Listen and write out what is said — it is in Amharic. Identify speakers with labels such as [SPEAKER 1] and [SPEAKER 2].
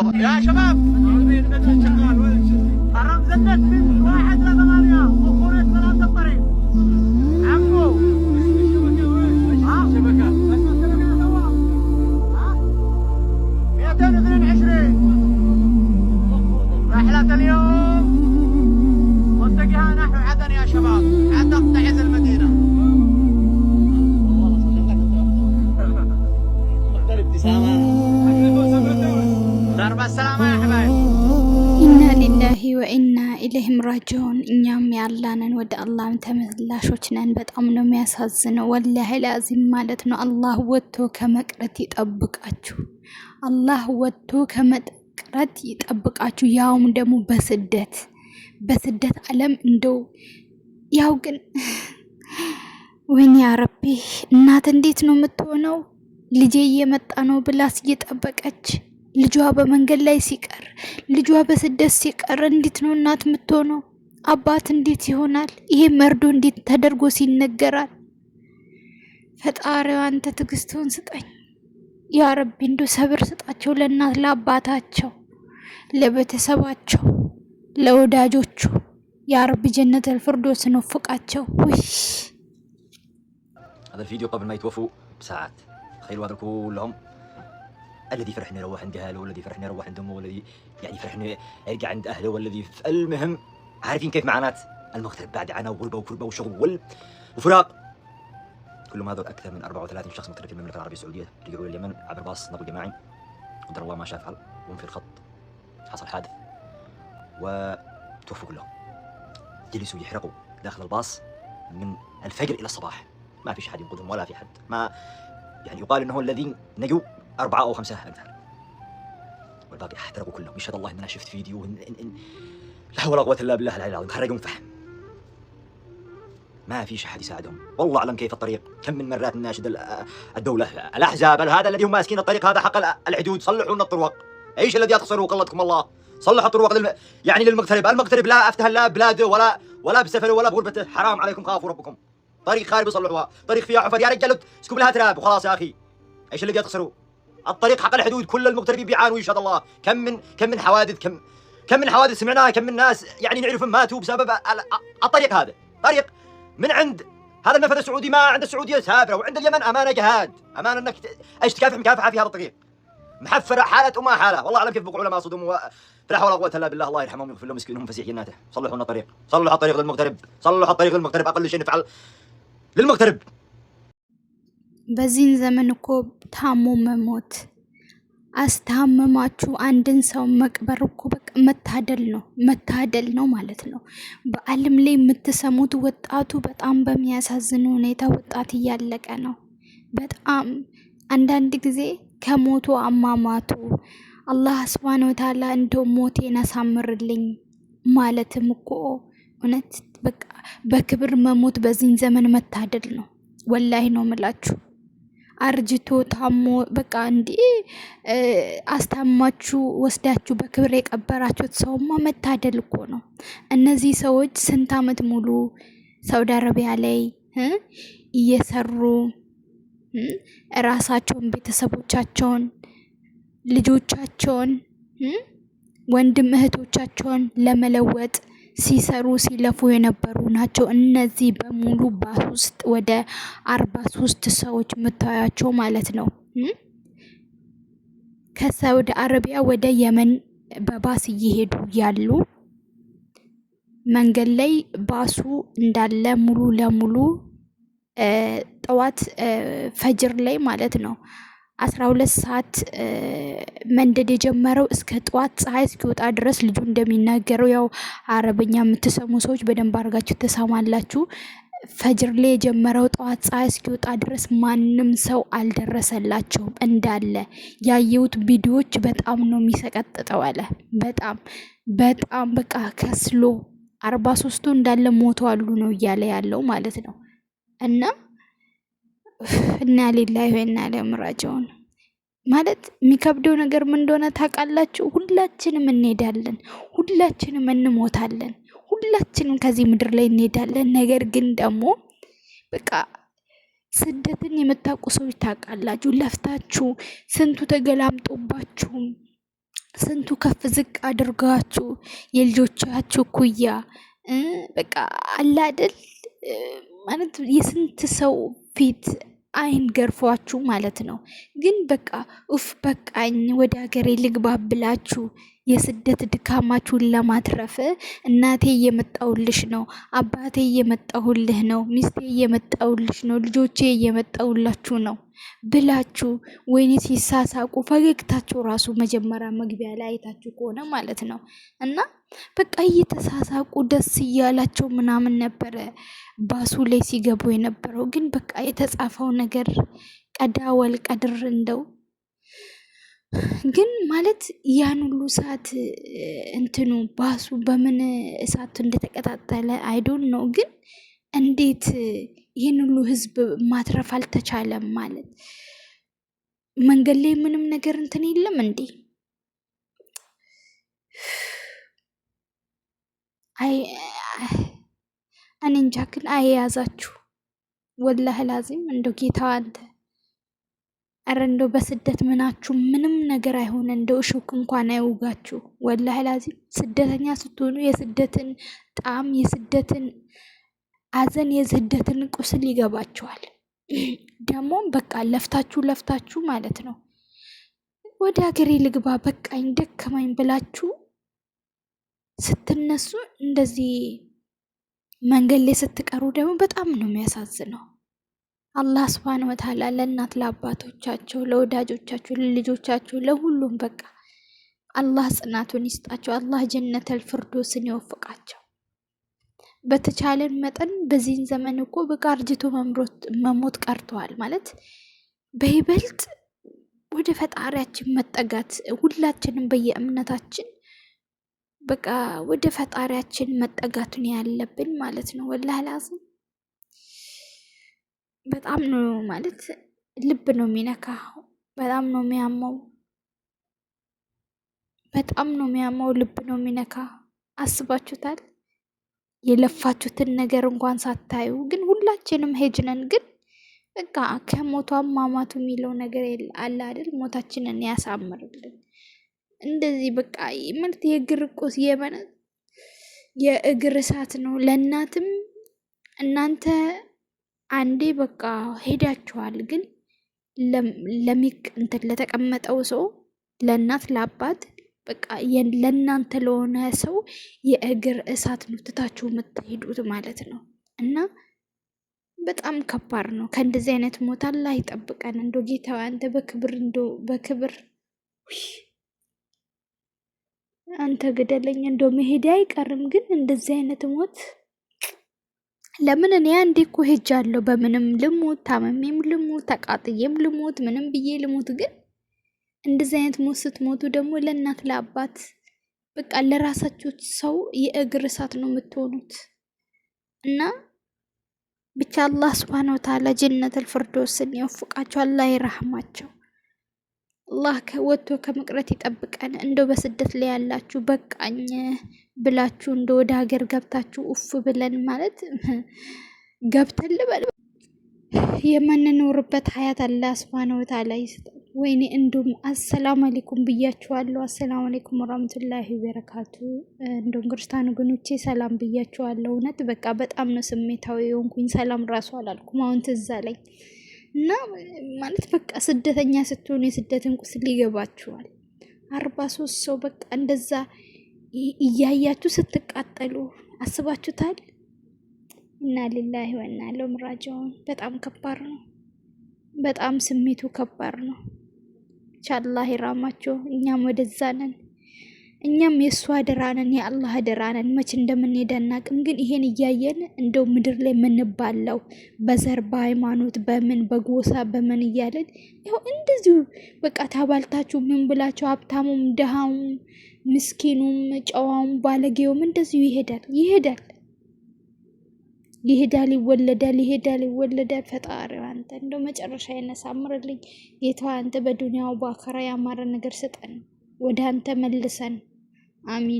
[SPEAKER 1] كله يا شباب حرام زنت من واحد رقم
[SPEAKER 2] ያላነን ወደ አላህ ተመላሾች ነን። በጣም ነው የሚያሳዝነው። ወላሂ ላዚም ማለት ነው። አላህ ወጥቶ ከመቅረት ይጠብቃችሁ። አላህ ወጥቶ ከመቅረት ይጠብቃችሁ። ያውም ደግሞ በስደት በስደት ዓለም እንደው ያው ግን ወይኔ ያረቤ እናት እንዴት ነው የምትሆነው? ልጄ እየመጣ ነው ብላስ እየጠበቀች ልጇ በመንገድ ላይ ሲቀር ልጇ በስደት ሲቀር እንዴት ነው እናት የምትሆነው? አባት እንዴት ይሆናል? ይሄ መርዶ እንዴት ተደርጎ ሲነገራል? ፈጣሪው አንተ ትዕግስትህን ስጠኝ ያ ረቢ፣ እንዶ ሰብር ስጣቸው ለእናት ለአባታቸው፣ ለቤተሰባቸው፣ ለወዳጆቹ ያ ረቢ ጀነት አልፍርዶስ ንወፍቃቸው። ውይ
[SPEAKER 3] ቪዲዮ ቀብል ማይትወፉ ሰዓት ኸይር ዋድርኩ ሁሉም الذي فرحني روح عند اهله والذي فرحني روح عند امه والذي يعني فرحني ارجع عند اهله والذي المهم عارفين كيف معنات المغترب بعد عنا وغربه وكربه وشغل وفراق كلهم هذول اكثر من 34 شخص مغترب في المملكه العربيه السعوديه رجعوا لليمن عبر باص نقل جماعي قدر الله ما شاء فعل وهم في الخط حصل حادث وتوفوا كلهم جلسوا يحرقوا داخل الباص من الفجر الى الصباح ما فيش حد ينقذهم ولا في حد ما يعني يقال انه الذين نجوا اربعه او خمسه امثال والباقي احترقوا كلهم يشهد الله ان انا شفت فيديو إن إن إن لا ولا قوة إلا بالله العلي العظيم حرقهم فحم ما فيش أحد يساعدهم والله أعلم كيف الطريق كم من مرات ناشد الدولة الأحزاب هذا الذي هم ماسكين الطريق هذا حق الحدود صلحوا لنا الطرق ايش الذي تخسروه قلتكم الله صلحوا الطرق للم... يعني للمغترب المغترب لا افتح لا بلاده ولا ولا بسفره ولا بغربته حرام عليكم خافوا ربكم طريق خارب صلحوها طريق فيها حفر يا رجال اسكب لها تراب وخلاص يا اخي ايش اللي تخسروا الطريق حق الحدود كل المغتربين بيعانوا ان شاء الله كم من كم من حوادث كم كم من حوادث سمعناها كم من ناس يعني نعرفهم ماتوا بسبب الطريق هذا طريق من عند هذا النفذ السعودي ما عند السعوديه سافره وعند اليمن امانه جهاد امانه انك ايش تكافح مكافحه في هذا الطريق محفره حاله وما حاله والله اعلم كيف بقوا علماء صدموا فلا حول ولا قوه الا بالله الله يرحمهم ويغفر لهم مسكينهم فسيح جناته صلحوا لنا الطريق صلحوا الطريق للمغترب صلحوا الطريق للمغترب اقل شيء نفعل للمغترب
[SPEAKER 2] بزين ዘመን تامو ታሞ موت አስታመማችሁ አንድን ሰው መቅበር እኮ በቃ መታደል ነው መታደል ነው ማለት ነው። በዓለም ላይ የምትሰሙት ወጣቱ በጣም በሚያሳዝን ሁኔታ ወጣት እያለቀ ነው። በጣም አንዳንድ ጊዜ ከሞቱ አማማቱ አላህ ስብሃነ ወተዓላ እንደው ሞቴን አሳምርልኝ ማለትም እኮ እውነት በቃ በክብር መሞት በዚህን ዘመን መታደል ነው። ወላይ ነው ምላችሁ። አርጅቶ ታሞ በቃ እንዲህ አስታማችሁ ወስዳችሁ በክብር የቀበራችሁት ሰውማ መታደል እኮ ነው። እነዚህ ሰዎች ስንት ዓመት ሙሉ ሳውዲ አረቢያ ላይ እየሰሩ ራሳቸውን፣ ቤተሰቦቻቸውን፣ ልጆቻቸውን፣ ወንድም እህቶቻቸውን ለመለወጥ ሲሰሩ ሲለፉ የነበሩ ናቸው። እነዚህ በሙሉ ባስ ውስጥ ወደ አርባ ሶስት ሰዎች የምታያቸው ማለት ነው። ከሳውዲ አረቢያ ወደ የመን በባስ እየሄዱ ያሉ መንገድ ላይ ባሱ እንዳለ ሙሉ ለሙሉ ጠዋት ፈጅር ላይ ማለት ነው አስራ ሁለት ሰዓት መንደድ የጀመረው እስከ ጠዋት ፀሐይ እስኪወጣ ድረስ ልጁ እንደሚናገረው ያው አረበኛ የምትሰሙ ሰዎች በደንብ አድርጋችሁ ትሰማላችሁ። ፈጅር ላይ የጀመረው ጠዋት ፀሐይ እስኪወጣ ድረስ ማንም ሰው አልደረሰላቸውም። እንዳለ ያየሁት ቪዲዮዎች በጣም ነው የሚሰቀጥጠው አለ። በጣም በጣም በቃ ከስሎ አርባ ሶስቱ እንዳለ አሉ ነው እያለ ያለው ማለት ነው እና እና ሊላሂ ወኢና ኢለይሂ ማለት የሚከብደው ነገር ምን እንደሆነ ታውቃላችሁ? ሁላችንም እንሄዳለን፣ ሁላችንም እንሞታለን፣ ሁላችንም ከዚህ ምድር ላይ እንሄዳለን። ነገር ግን ደግሞ በቃ ስደትን የምታውቁ ሰዎች ታውቃላችሁ። ለፍታችሁ ስንቱ ተገላምጦባችሁ ስንቱ ከፍ ዝቅ አድርጋችሁ የልጆቻችሁ ኩያ በቃ አላደል ማለት የስንት ሰው ፊት አይን ገርፏችሁ ማለት ነው። ግን በቃ ኡፍ በቃኝ ወደ ሀገሬ ልግባ ብላችሁ የስደት ድካማችሁን ለማትረፍ እናቴ እየመጣውልሽ ነው፣ አባቴ እየመጣሁልህ ነው፣ ሚስቴ እየመጣውልሽ ነው፣ ልጆቼ እየመጣውላችሁ ነው ብላችሁ ወይኔ ሲሳሳቁ ፈገግታቸው ራሱ መጀመሪያ መግቢያ ላይ አይታችሁ ከሆነ ማለት ነው እና በቃ እየተሳሳቁ ደስ እያላቸው ምናምን ነበረ ባሱ ላይ ሲገቡ የነበረው። ግን በቃ የተጻፈው ነገር ቀዳወል ቀድር እንደው ግን ማለት ያን ሁሉ ሰዓት እንትኑ ባሱ በምን እሳቱ እንደተቀጣጠለ አይዶን ነው። ግን እንዴት ይህን ሁሉ ህዝብ ማትረፍ አልተቻለም? ማለት መንገድ ላይ ምንም ነገር እንትን የለም እንዴ? እኔ እንጃ። ግን አያያዛችሁ ወላህ ላዚም እንደው ጌታ አንተ ኧረ እንደው በስደት ምናችሁ ምንም ነገር አይሆን፣ እንደው እሹክ እንኳን አይውጋችሁ። ወላሂ ላዚም ስደተኛ ስትሆኑ የስደትን ጣዕም፣ የስደትን አዘን፣ የስደትን ቁስል ይገባችኋል። ደግሞም በቃ ለፍታችሁ ለፍታችሁ ማለት ነው ወደ ሀገሬ ልግባ በቃኝ ደከማኝ ብላችሁ ስትነሱ እንደዚህ መንገድ ላይ ስትቀሩ ደግሞ በጣም ነው የሚያሳዝነው። አላህ ስብሃነ ወተዓላ ለእናት ለአባቶቻቸው፣ ለወዳጆቻቸው፣ ለልጆቻቸው፣ ለሁሉም በቃ አላህ ጽናቱን ይስጣቸው። አላህ ጀነተል ፊርዶስን ይወፍቃቸው። በተቻለን መጠን በዚህን ዘመን እኮ በቃ አርጅቶ መሞት ቀርተዋል ማለት በይበልጥ ወደ ፈጣሪያችን መጠጋት ሁላችንም በየእምነታችን በቃ ወደ ፈጣሪያችን መጠጋቱን ያለብን ማለት ነው። ወላህ ላዝም በጣም ነው ማለት ልብ ነው የሚነካ። በጣም ነው የሚያመው። በጣም ነው የሚያመው። ልብ ነው የሚነካ። አስባችሁታል? የለፋችሁትን ነገር እንኳን ሳታዩ ግን ሁላችንም ሄጅነን ግን በቃ ከሞቷ ማማቱ የሚለው ነገር አለ አይደል? ሞታችንን ያሳምርልን። እንደዚህ በቃ ምርት የእግር ቁስ የመነ የእግር እሳት ነው ለእናትም እናንተ አንዴ በቃ ሄዳችኋል። ግን ለሚቅ እንትን ለተቀመጠው ሰው ለእናት ለአባት በቃ ለእናንተ ለሆነ ሰው የእግር እሳት ነው ትታችሁ የምትሄዱት ማለት ነው። እና በጣም ከባድ ነው። ከእንደዚህ አይነት ሞት አላህ ይጠብቀን። እንዶ ጌታ አንተ በክብር እንዶ በክብር አንተ ግደለኝ። እንዶ መሄድ አይቀርም ግን እንደዚህ አይነት ሞት ለምን እኔ አንዴ እኮ ሄጃለሁ። በምንም ልሙት፣ ታመሜም ልሙት፣ ተቃጥዬም ልሙት፣ ምንም ብዬ ልሙት። ግን እንደዚህ አይነት ሞት ስትሞቱ ደግሞ ለእናት ለአባት በቃ ለራሳችሁ ሰው የእግር እሳት ነው የምትሆኑት እና ብቻ አላህ ስብሃነ ወተዓላ ጀነት ፊርደውስን ይወፍቃቸው። አላህ ይረህማቸው። አላህ ወጥቶ ከመቅረት ይጠብቀን። እንደው በስደት ላይ ያላችሁ በቃኝ ብላችሁ እንደ ወደ ሀገር ገብታችሁ ኡፍ ብለን ማለት ገብተን ልበል የምንኖርበት ሀያት አለ ስብሃነ ወተዓላ ይስጠን። ወይኔ እንዲሁም አሰላሙ አሌይኩም ብያችኋለሁ። አሰላሙ አሌይኩም ወራህመቱላሂ በረካቱ። እንዲሁም ክርስቲያን ወገኖቼ ሰላም ብያችኋለሁ። እውነት በቃ በጣም ነው ስሜታዊ የሆንኩኝ። ሰላም ራሱ አላልኩም። አሁን ትዝ አለኝ። እና ማለት በቃ ስደተኛ ስትሆን የስደትን ቁስል ይገባችኋል። አርባ ሶስት ሰው በቃ እንደዛ እያያችሁ ስትቃጠሉ አስባችሁታል። እና ሊላሂ ወና ለውም በጣም ከባድ ነው። በጣም ስሜቱ ከባድ ነው። ቻላ ይራማቸው። እኛም ወደዛ ነን። እኛም የእሱ አደራነን የአላህ አደራነን መች እንደምንሄድ አናቅም። ግን ይሄን እያየን እንደው ምድር ላይ ምንባለው በዘር በሃይማኖት፣ በምን በጎሳ በምን እያለን ያው እንደዚሁ በቃ ታባልታችሁ ምን ብላችሁ ሀብታሙም፣ ድሃውም፣ ምስኪኑም፣ ጨዋውም፣ ባለጌውም እንደዚሁ ይሄዳል ይሄዳል ይሄዳል ይወለዳል፣ ይሄዳል ይወለዳል። ፈጣሪ አንተ እንደው መጨረሻ ያነሳምርልኝ ጌታ፣ አንተ በዱንያው በአኸራ ያማረ ነገር ስጠን፣ ወደ አንተ መልሰን። አሚን